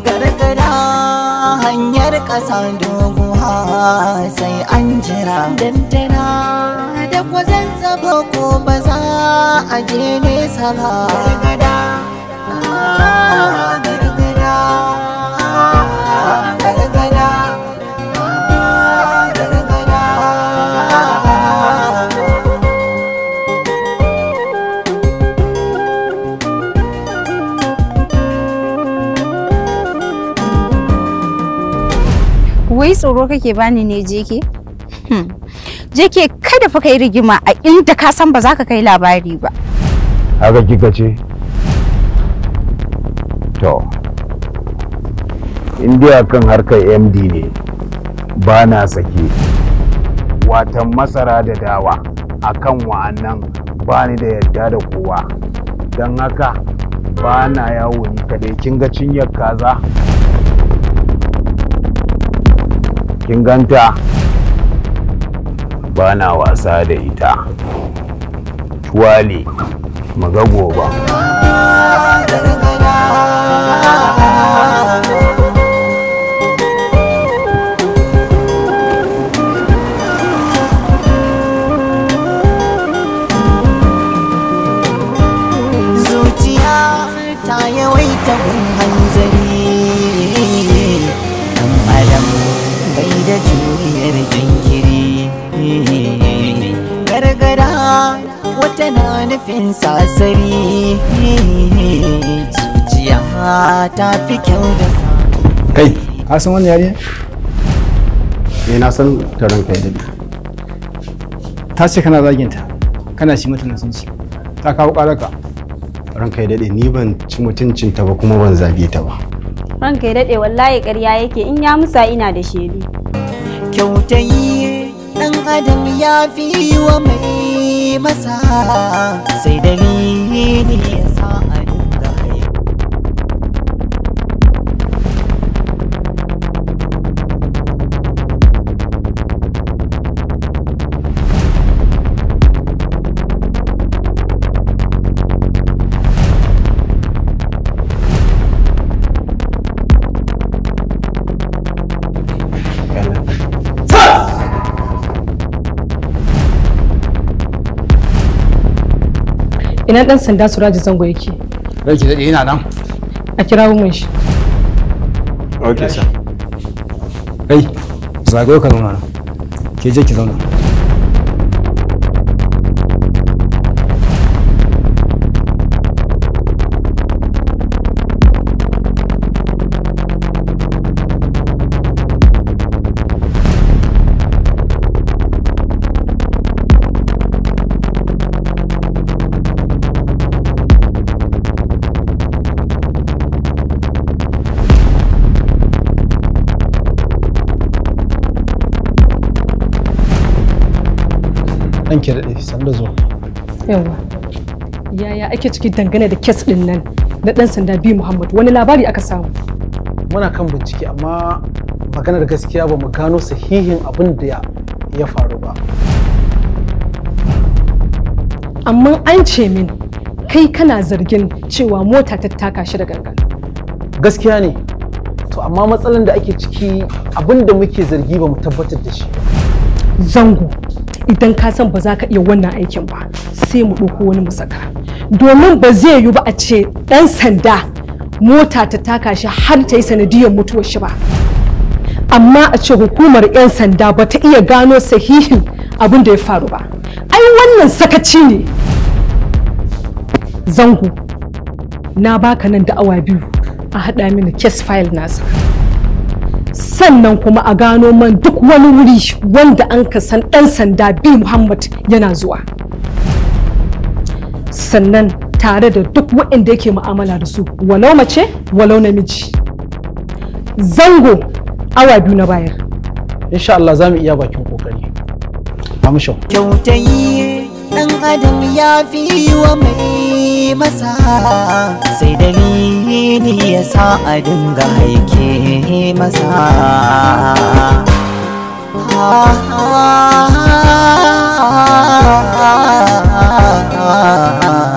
Gargada hanyar ƙasa doguwa sai an jira dandana da kwazon zaba ko ba za a je nesa ba. Gargada, gargada, gargada. Wai tsoro kake bani ne jeke? Hmm. Jeke kada fa kai rigima a inda ka san ba za ka kai labari ba. Haka kika ce? To, indiya kan harkar MD ne ba na sake. Watan masara da dawa akan wa'annan ba ni da yadda da kowa. Don haka ba na yawo ni kadai kin cinyar kaza. kin ganta ba na wasa da ita tuwali ga gobe. zuciya ta yawaita fin sasari zuciya ta fi kyau da kai ka san wani yare eh na san ta kai da ta ce kana zaginta kana shi mata nasanci ta kawo ƙararka ranka ya daɗe ni ban ci mutuncin ta ba kuma ban zage ta ba ranka ya daɗe wallahi ƙarya yake in ya musa ina da shedu kyautayi ɗan adam ya fi wa mai masa sai ni ne ina dan sanda suraji zango yake ranki da ina nan a kira mun shi okay sir kai zagayo ka zauna ke je ki zauna ranke sanda zuwa yaya ake ciki dangane da kes ɗin nan na ɗan sanda biyu muhammad wani labari aka samu muna kan bincike amma maganar gaskiya ba mu gano sahihin abin da ya faru ba amma an ce min kai kana zargin cewa mota ta taka shi da gangan gaskiya ne to amma matsalar da ake ciki abin da muke zargi ba mu tabbatar da shi zango idan ka san ba za ka iya wannan aikin ba sai mu ɗauko wani mu saka domin ba zai yiwu ba a ce ɗan sanda mota ta taka shi har ta yi sanadiyar mutuwar shi ba amma a ce hukumar 'yan sanda ba ta iya gano sahihin abin da ya faru ba ai wannan sakaci ne zango na baka nan da awa biyu a haɗa mini case file nasa sannan kuma a gano man duk wani wuri wanda an ka san ɗan sanda bi muhammad yana zuwa sannan tare da duk waɗanda yake mu'amala da su walau mace walau namiji zango awa biyu na bayar insha Allah za mu iya bakin kokari amshin kyautayi ɗan adam ya fi wa mai masa sai dalili ya sa a dinga haike masa ah,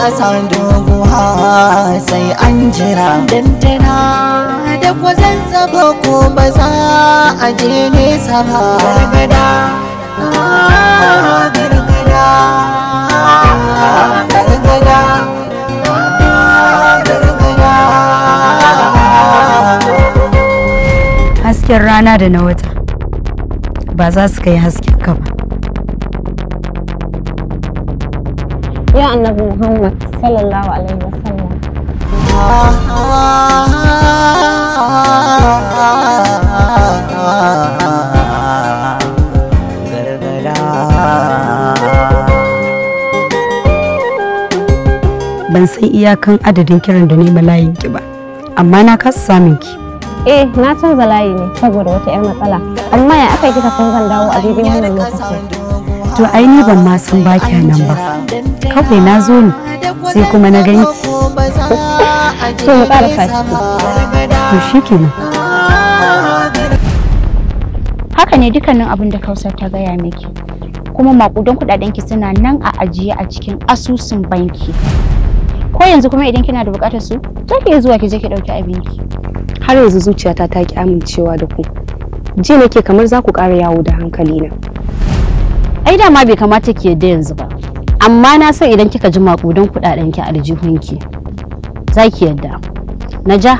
ƙasa doguwa sai an jira dandana da kwazon zaba ko ba za a je nesa ba gargada gargada gargada hasken rana da na wata ba za su kai hasken ka ba ya annabi muhammad sallallahu alaihi wasallam ban san iyakan adadin kiran da ne layin ki ba amma na kasa samun ki eh na canza layi ne saboda wata 'yar matsala amma ya aka kika san zan dawo a daidai wannan lokacin to ai ni ban ma san ba nan ba kawai na zo ne sai kuma na gani to mu ƙara fashi to shi kenan haka ne dukkanin abin da kausar ta gaya miki kuma makudan kudaden ki suna nan a ajiye a cikin asusun banki ko yanzu kuma idan kina da bukatar su za ki zuwa ki je ki dauki abinki har yanzu zuciyata ta ki amincewa da ku ji nake kamar za ku ƙara yawo da hankali na ai dama bai kamata ki yadda yanzu ba amma na san idan kika ji makudan kudaden ki aljihunki za ki yadda na ja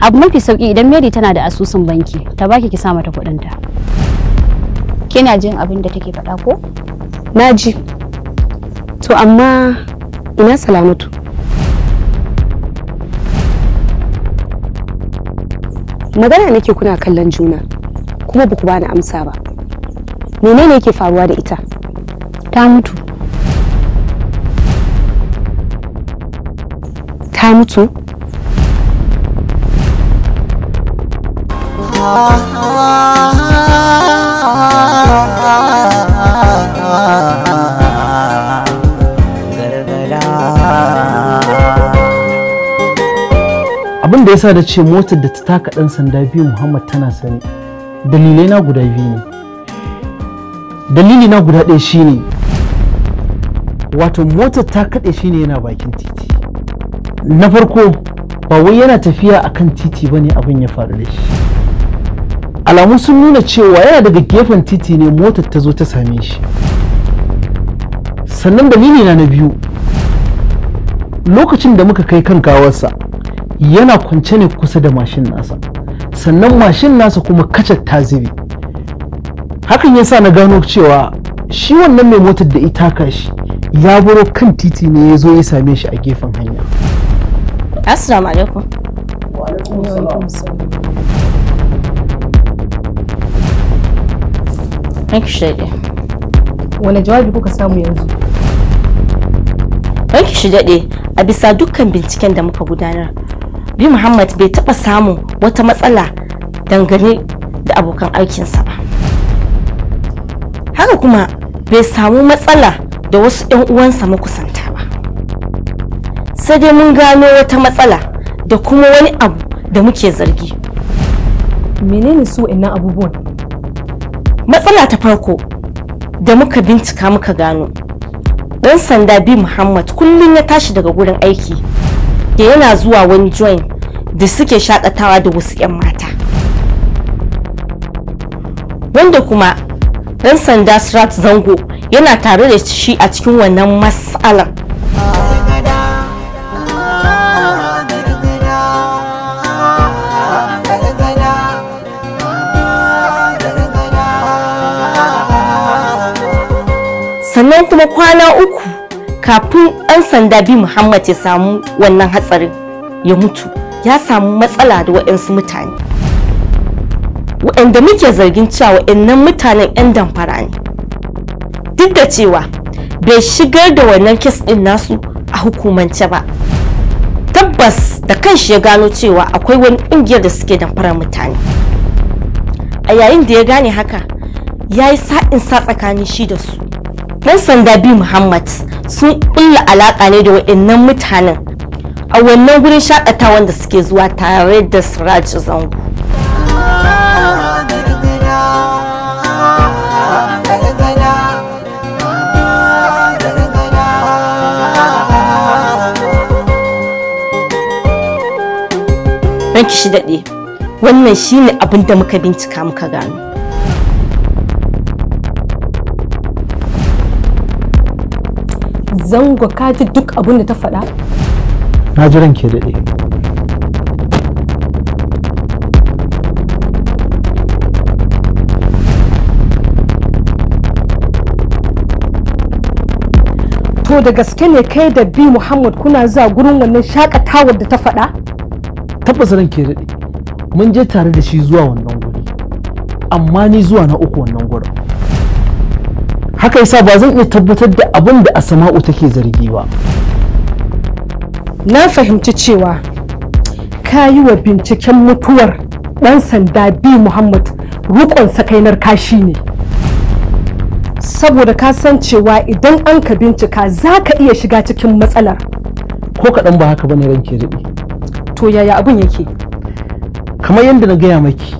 abu mafi sauki idan mary tana da asusun banki ta baki ki sa mata kudinta kina jin abin da take faɗa ko na ji to amma ina salamatu magana nake kuna kallon juna kuma ba ku bani amsa ba menene yake faruwa da ita ta mutu ta mutu abin da ya sa da ce motar da ta taka ɗan sanda biyu muhammad tana sani dalilai na guda biyu ne dalili na guda ɗaya shine wato motar ta kaɗe shine yana bakin titi na farko ba wai yana tafiya a kan titi ba ne abin ya faru da shi alamu sun nuna cewa yana daga gefen titi ne motar ta zo ta same shi sannan dalili na na biyu lokacin da muka kai kan gawarsa yana kwance ne kusa da mashin nasa sannan mashin nasa kuma kacar ta zube hakan yasa na gano cewa shi wannan mai motar da ita kashi ya buro kan titi ne ya zo ya same shi a gefen hanya assalamu alaikum Ranki shaɗe. Wane jawabi kuka samu yanzu? Ranki shi daɗe a bisa dukkan binciken da muka gudanar. Bi Muhammad bai taɓa samun wata matsala dangane da abokan aikinsa ba. haka kuma bai samu matsala da wasu 'yan uwansa makusanta ba sai dai mun gano wata matsala da kuma wani abu da muke zargi menene su innan abubuwan matsala ta farko da muka bincika muka gano ɗan sanda bi muhammad kullum ya tashi daga gurin aiki da yana zuwa wani join da suke shakatawa da wasu 'yan mata wanda kuma dan sanda Srat Zango yana tare da shi a cikin wannan matsalar. sannan kuma kwana uku kafin ɗan sanda bi muhammad ya samu wannan hatsarin ya mutu ya samu matsala da waɗansu mutane waɗanda muke zargin cewa waɗannan mutanen 'yan damfara ne duk da cewa bai shigar da wannan kes ɗin nasu a hukumance ba tabbas da kan shi ya gano cewa akwai wani ƙungiyar da suke damfara mutane a yayin da ya gane haka ya yi sa'in sa tsakanin shi da su yan sanda bi muhammad sun ƙulla alaƙa ne da waɗannan mutanen a wannan wurin shaƙatawan da suke zuwa tare da siraj zango ki shi daɗe wannan shine abin da muka bincika muka gano zango ka ji duk abin da ta faɗa? Na ji ranke daɗe. To da gaske ne kai da bi Muhammad kuna zuwa gurin wannan shakatawar da ta faɗa? tabbas ran ke daɗe mun je tare da shi zuwa wannan guri amma ni zuwa na uku wannan gurin haka yasa ba zan iya tabbatar da abin da asama'u take zargi ba na fahimci cewa ka yi wa binciken mutuwar ɗan sanda bi muhammad rukon sakainar kashi ne saboda ka san cewa idan an ka bincika za ka iya shiga cikin matsalar ko kaɗan ba haka bane ranke daɗi to yaya abin yake kamar yadda na gaya maki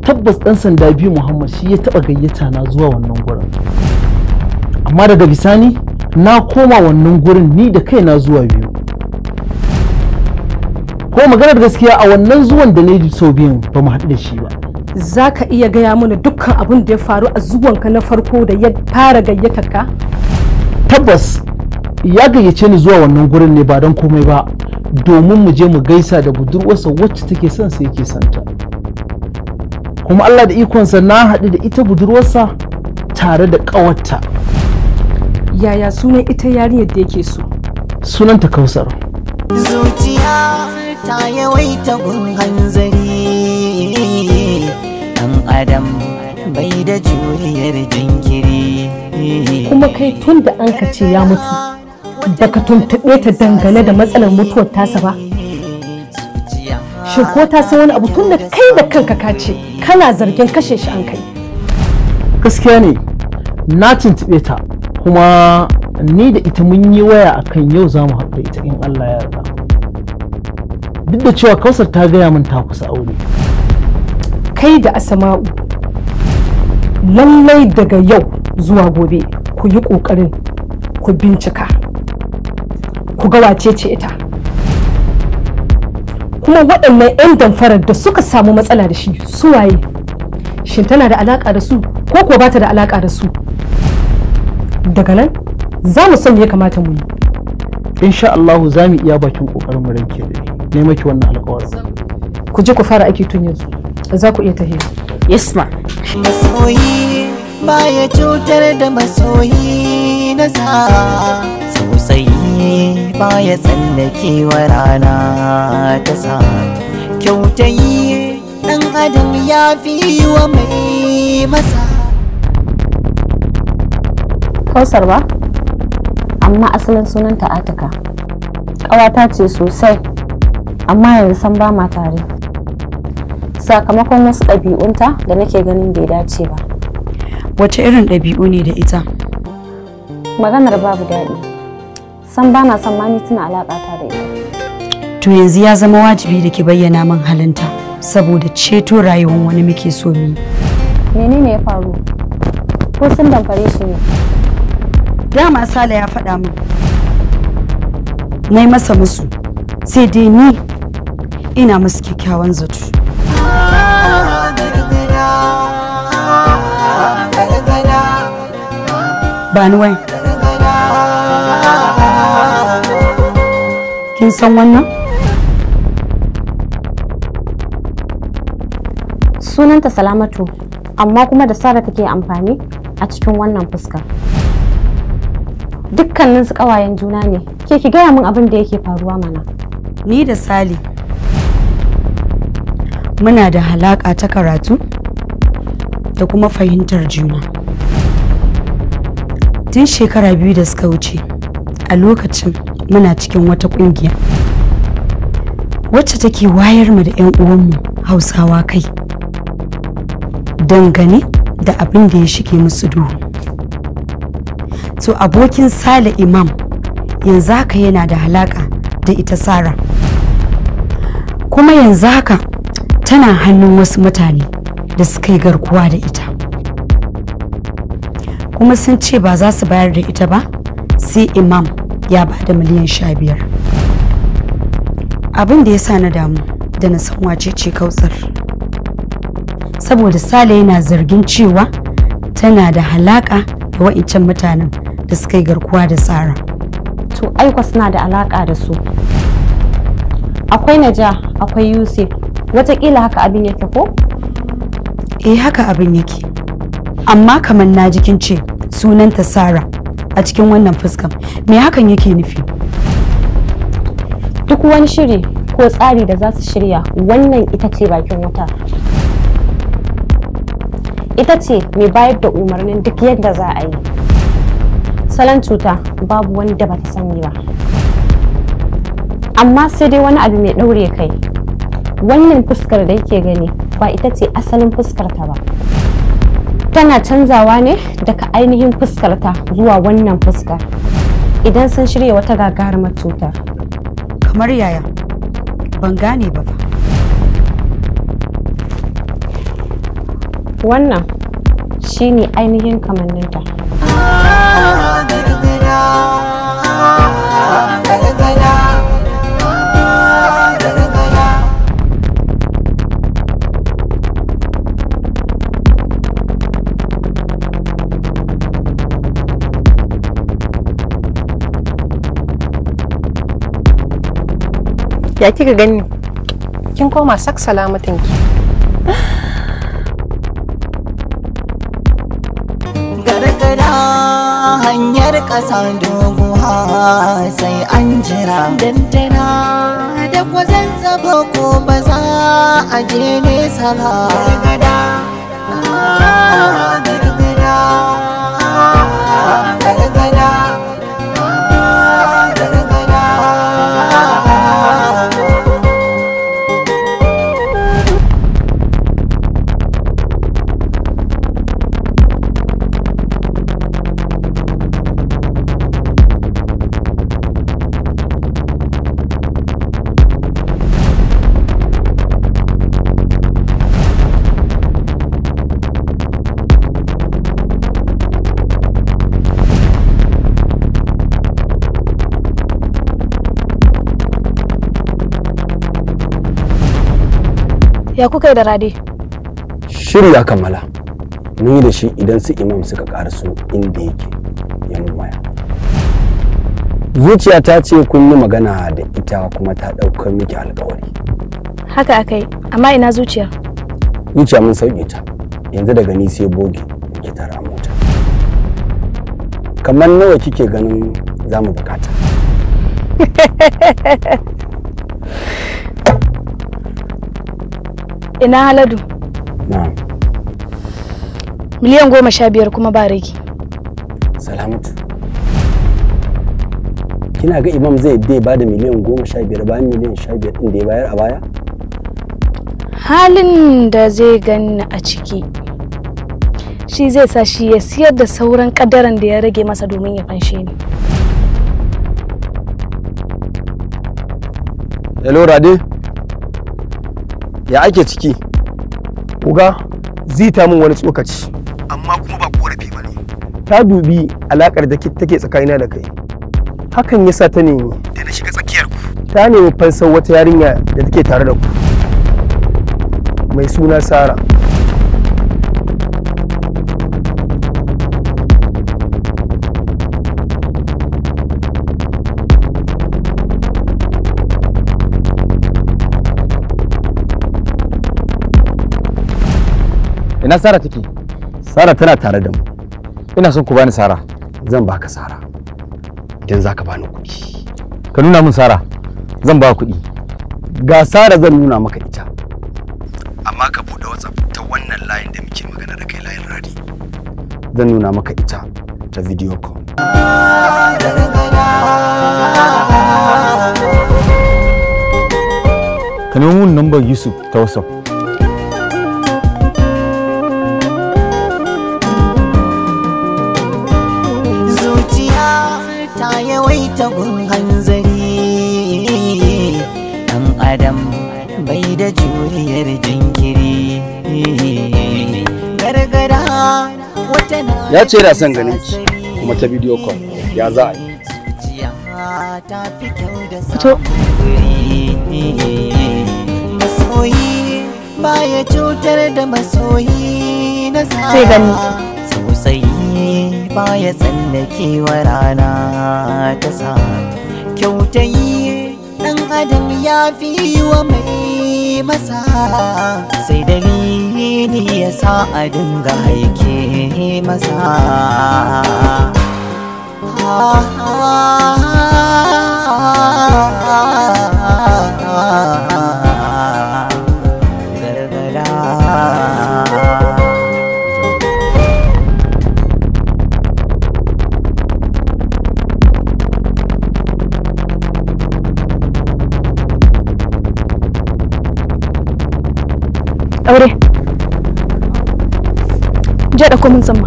tabbas dan sanda biyu muhammad shi ya taba gayyata na zuwa wannan gurin amma daga bisani na koma wannan gurin ni da kai na zuwa biyu ko maganar gaskiya a wannan zuwan da na sau biyun ba mu haɗu da shi ba za iya gaya mana dukkan abin da ya faru a zuwanka na farko da ya fara gayyatar ka tabbas ya gayyace ni zuwa wannan gurin ne ba don komai ba domin mu je mu gaisa da budurwarsa wacce take son sai yake santa kuma Allah da ikonsa na haɗu da ita budurwarsa tare da ƙawarta yaya sunan ita yarinyar da yake so sunanta kausar zuciya ta yawaita gun hanzari dan adam bai da juriyar jinkiri kuma kai tun da an ka ce ya mutu baka tuntuɓe ta dangane da matsalar mutuwar tasa ba shin ko ta san wani abu tun da kai da kanka ka ce kana zargin kashe shi an kai gaskiya ne na tuntuɓe ta kuma ni da ita mun yi waya akan yau za mu haɗu ita in Allah ya yarda duk da cewa kausar ta gaya min ta kusa aure kai da asama'u lallai daga yau zuwa gobe ku yi ƙoƙarin ku bincika ku ga wace ce ita kuma waɗannan 'yan damfarar da suka samu matsala da shi su waye shin tana da alaƙa da su ko kuwa ba ta da alaƙa da su daga nan za mu san ya kamata mu yi insha Allahu za mu iya bakin kokarin mu ranke da ne maki wannan alƙawarin ku je ku fara aiki tun yanzu za ku iya tafiya yes ma masoyi baya cutar da masoyi na sa tausayi baya wa rana ta sa kyautayi ɗan adam ya fi wa mai masa kausar ba amma asalin sunanta atika ƙawata ce sosai amma yanzu san ba ma tare sakamakon wasu ɗabi'unta da nake ganin bai dace ba wace irin ɗabi'u ne da ita maganar babu daɗi san ba na san mani ni ta da ita. To yanzu ya zama wajibi da ki bayyana min halinta saboda ceto rayuwar wani muke so mu. Menene ya faru? Ko sun damfare shi ne? Dama Sale ya faɗa min. Na yi masa musu sai dai ni ina musu kyakkyawan zato. Ba ni wai. kin san wannan sunanta salamatu amma kuma da sara take amfani a cikin wannan fuska dukkanin su kawayen juna ne ke ki gaya min abin da yake faruwa mana ni da sali muna da halaƙa ta karatu da kuma fahimtar juna tun shekara biyu da suka wuce a lokacin muna cikin wata kungiya wacce take wayar mu da 'yan uwanmu hausawa kai dangane da abin da ya shige musu duhu to abokin sale imam yanzu haka yana da halaka da ita sara kuma yanzu haka tana hannun wasu mutane da suka yi garkuwa da ita kuma sun ce ba za su bayar da ita ba sai imam ya bada miliyan sha biyar abin da ya sa na damu da na san wace ce kautsar saboda sale yana zargin cewa tana da halaka da wa'incan mutanen da suka yi garkuwa da tsara to aikwa suna da alaka da su akwai naja akwai yusuf watakila haka abin yake ko eh haka abin yake amma kamar na jikin ce sunanta sara a cikin wannan fuskan me hakan yake nufi duk wani shiri ko tsari da za su shirya wannan ita ce bakin wuta ita ce mai bayar da umarnin duk yadda za a yi salon cuta babu wanda ba ta sani ba amma sai dai wani abu mai ɗaure kai wannan fuskar da yake gani ba ita ce asalin fuskar ta ba tana canzawa ne daga ainihin fuskarta zuwa wannan fuskar idan sun shirya wata gagarumar cutar kamar yaya ban gane ba fa wannan shine ainihin kamanninta ah, ya kika gani kin koma sak salamatin ki gargada hanyar ƙasa doguwa sai an jira dandana da kwazon zaba ko ba a je nesa ba gargada Ya kuka yi da Rade? Shiri ya kammala. Ni da shi idan su imam suka karaso inda yake ya waya. Zuciya ta ce kun yi magana da ita kuma ta ɗaukar miki alƙawari. Haka akai, amma ina zuciya. Zuciya mun sauke ta. Yanzu daga ni sai bogi ki tara mota. Kamar nawa kike ganin za mu bukata? ina haladu na'am miliyan goma sha biyar kuma ba rage salamatu kina ga imam zai dai ba da miliyan goma sha biyar bayan miliyan sha biyar ɗin da ya bayar a baya halin da zai ganna a ciki shi zai sa shi ya siyar da sauran kadaran da ya rage masa domin ya fanshe ni hello rade ya ake ciki kuga zai ta min wani tsokaci amma kuma ba korafi ba ne ta dubi alakar da take tsakanina da kai hakan yasa ta nemi da na shiga tsakiyar ku ta nemi fansar wata yarinya da take tare da ku mai suna sara ina sara take sara tana tare da mu ina son ku bani sara zan baka sara idan za ka bani kuɗi ka nuna min sara zan ba kuɗi ga sara zan nuna maka ita amma ka buɗe whatsapp ta wannan layin da muke magana da kai layin radi zan nuna maka ita ta video call ka nemo mun number yusuf ta whatsapp ya ce yana son ganin ki kuma ta bidiyo call ya za a yi to baya cutar da masoyi na sai gani tausayi baya wa rana ta sa kyautayi dan adam ya fi wa mai masa sai dalili ya sa a dinga haike masa aure je da komin zama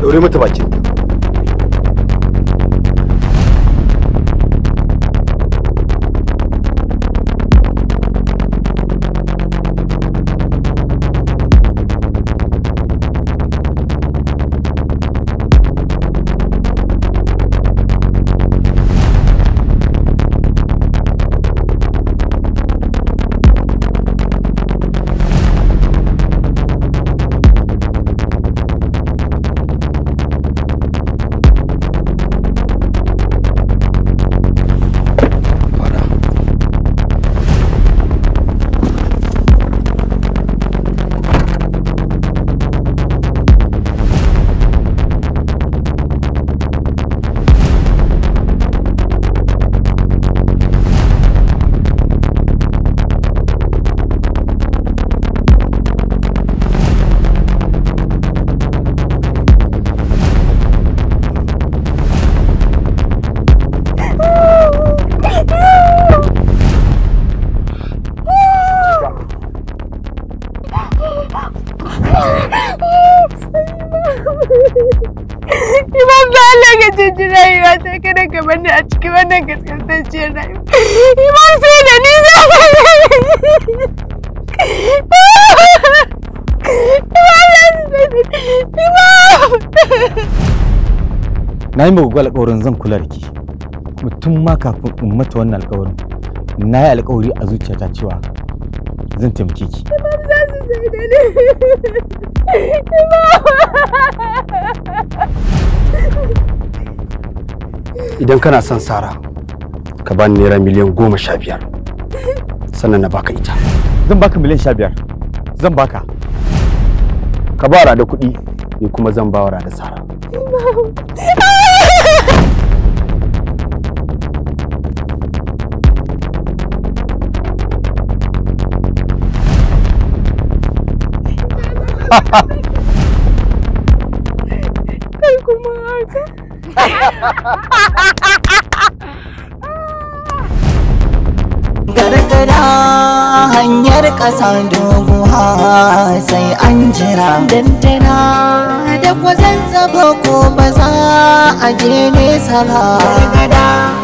daure mata bakin shiga tsantsaciyar rayuwa iman sai da ni za ka na yi magwagwa alkawarin zan kula da ke mutum ma kafin in mata wannan alkawarin na yi alkawari a zuciyata cewa zan taimake ki idan kana son sara ka bani naira miliyan goma sha biyar sannan na baka ita zan baka miliyan sha biyar zan baka ka ba da kuɗi ni kuma zan ba da sara ha ha ha! gada hanyar ƙasa doguwa sai an jira dandana da kwazan zaba ko ba za a je nesa ba